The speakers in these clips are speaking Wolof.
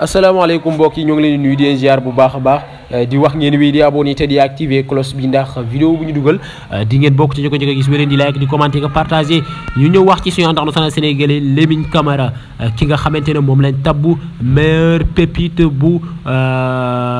asalaamaaleykum mbokk yi ñu ngi leen di nuyu di ziar bu baax a baax eh, di wax ngeen wii di abonné te di activer cloche bi ndax vidéo bu ñu dugal eh, di ngeen bokk ci ñu ko njëkk a gis wéleen di like di commenter nga partager ñu ñëw wax ci suñu international sénégalais Lamine Camara eh, ki nga xamante ne moom lañ tabbu meilleur pépite bu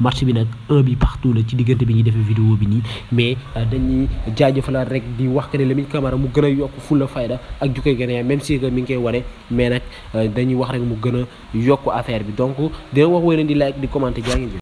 match bi nag un bi partout la ci diggante bi ñuy defee vidéo bi nii mais euh, dañuy jaajëfalaat rek di wax que ne Lamine Camara mu gën a yokk fulla fayda ak ju koy gën a même si mi ngi koy wane mais nag euh, dañuy wax rek mu gën a yokk affaire bi donc dina wax wéy leen di like di commenter jaa ngeen